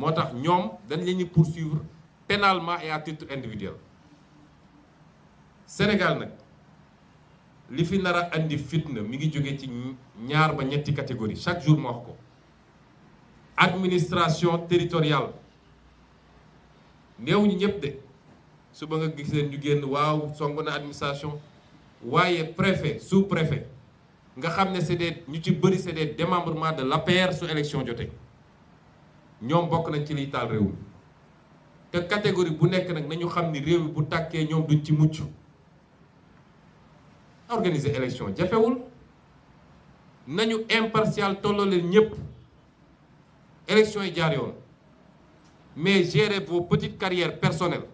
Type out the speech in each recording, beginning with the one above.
moo tax ñoom dañ leen ñu poursuivre pénalement et à titre individuel Sénégal nag li fi nar indi fitna mi ngi jóge ci ñaar ba ñetti catégorie chaque jour ma wax ko administration territoriale néew ñu ñëpp de suba nga gis leen ñu génn waaw song na administration waaye préfet su préfet nga xam ne c'est des ñu ci bëri c'est des démembrements de l'APR su élection jotee ñoom bokk nañ ci liy taal réew mi te catégorie bu nekk nag nañu xam ni réew mi bu tàkkee ñoom duñ ci mucc organiser élection jafewul nañu impartial tolloo leen ñëpp élection yi jaar yoon mais gérer vos petites carrières personnelles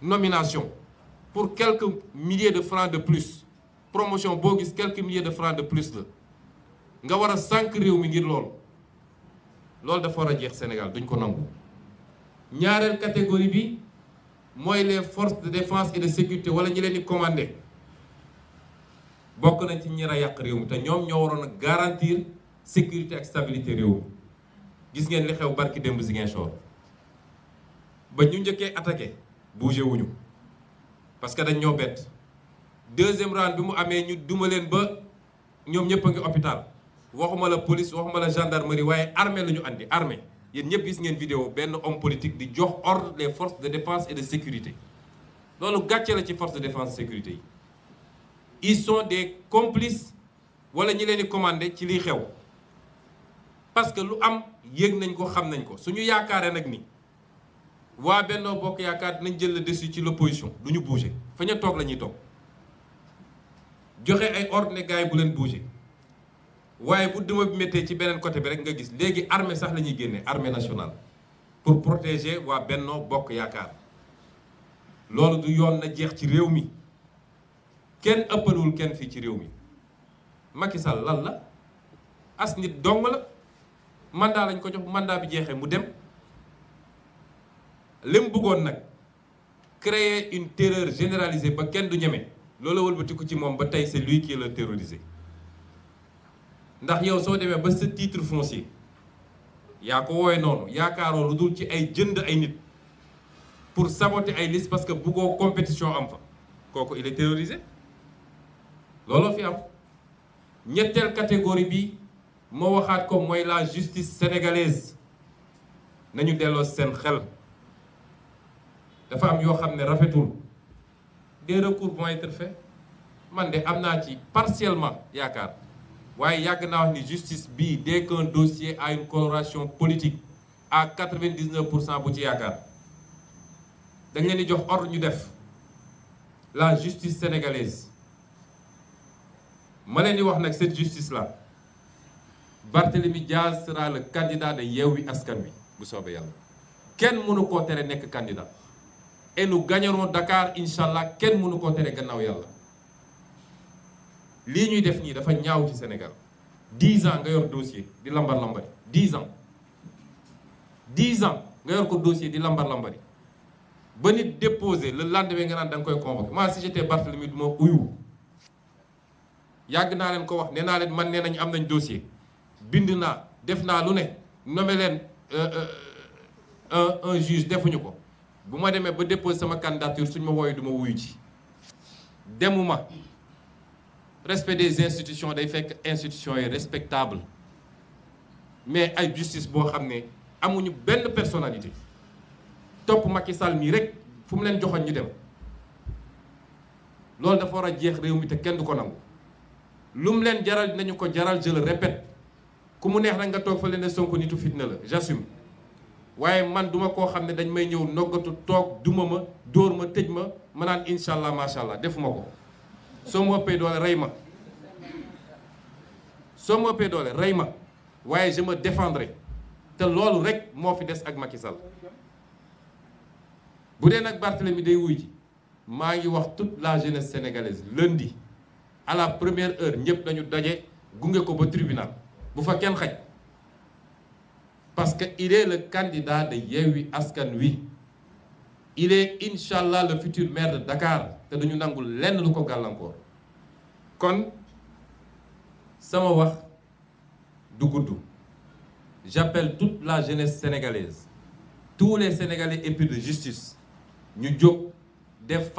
nomination pour quelque milliers de francs de plus promotion boo gis quelque milliers de francs de plus la nga war a sànq réew mi ngir loolu loolu dafa war a jeex Sénégal duñ ko nangu ñaareel catégorie bi mooy les forces de défense et de sécurité wala ñi leen di commandé bokk nañ ci ñi a yàq réew mi te ñoom ñoo waroon a garantir sécurité ak stabilité réew mi gis ngeen li xew barki démb Ziguinchor ba ñu njëkkee attaqué bougé wuñu parce que dañ ñoo bett deuxième round bi mu amee ñu duma leen ba ñoom ñëpp a ngi hôpital waxuma la police waxuma la gendarmerie waaye armée la ñu andi armée yéen ñëpp gis ngeen vidéo benn homme politique di jox ordre les forces de défense et de sécurité loolu gàcce la ci force de défense sécurité yi ils sont des complices wala ñi leen di ci liy xew parce que lu am yéeg nañ ko xam nañ ko suñu yaakaaree nag ni waa Benno Bokk Yaakaar dinañ jël le dessus ci l'opposition du ñu bouger fa ñu toog la ñuy toog joxe ay ord ne gars yi bu leen bouger waaye bu duma bi méttee ci beneen côté bi rek nga gis léegi armée sax la ñuy génne armée nationale pour protéger waa bennoo Bokk Yaakaar loolu du yoon na jeex ci réew mi kenn ëppalul kenn fii ci réew mi Macky Sall lan la as nit dong la mandat lañ ko jox mandat bi jeexee mu dem li bëggoon nag créer une terreur généralisée ba kenn du ñeme loolu ko ci moom ba tey c'est lui qui l'a terrorisé ndax yow soo demee ba sa titre foncier yaa ko woowee noonu yaakaaroo lu dul ci ay jënd ay nit pour saboter ay liste parce que buggoo compétition am fa kooku il est terrorisé looloo fi am ñetteel catégorie bi ma waxaat ko mooy la justice sénégalaise nañu delloo seen xel dafa am yoo xam ne rafetul des recours vont être man de am naa ci partiellement yaakaar waaye yàgg naa wax ni justice bi dès qu'un dossier a une coloration politique à 99 pour cent bu ci yaakaar dañ leen di jox ordre ñu def la justice sénégalaise ma leen di wax nag cette justice là Barthélémy Diaz sera le candidat de Yewwi Askan Wi bu soobee yàlla kenn mënu koo tere nekk candidat et nous gagnerons Dakar incha kenn mënu koo tere gannaaw yàlla. lii ñuy def nii dafa ñaaw ci senegal dix ans nga yor dossier di lambar lambari dix ans dix ans nga yor ko dossier di lambar lambari ba nit déposé la lendemain nga naan da nga koy convoqué moi si j'étais Barthélemy du ma uyu yàgg naa leen ko wax nee naa leen man nee nañu am nañ dossier bind naa def naa lu ne nommé leen euh, euh, un un juge defuñu ko bu ma demee ba déposé sama candidature suñ ma wooyu du ma wuyu ci demuma respect des institutions day fekk institutions yi respectable mais ay justice boo xam ne amuñu benn personnalité topp Macky Sall mii rek fu mu leen joxoon ñu dem loolu dafa war a jeex réew mi te kenn du ko nangu lu mu leen jaral nañu ko jaral je le ku mu neex nag nga toog fa leen ne Sonko nitu fitna la j'assume waaye man duma koo xam ne dañ may ñëw noggatu toog duma ma dóor ma tëj ma ma naan incha allah macha allah defuma ko. soo ma ëppee doole rey ma soo ma ëppee doole rey ma waaye je me te loolu rek moo fi des ak Macky Sall bu dee nag Barthélemy day wuy ji maa ngi wax toute la jeunesse sénégalaise lundi à la première heure ñëpp dañu daje gunge ko ba tribunal bu fa kenn xaj parce que il est le candidat de Yewwi Askan Wi il est incha allah le futur maire de Dakar te duñu nangul lenn lu ko gàllankoor kon sama wax du gudd j'appelle toute la jeunesse sénégalaise tous les sénégalais épris de justice ñu jóg def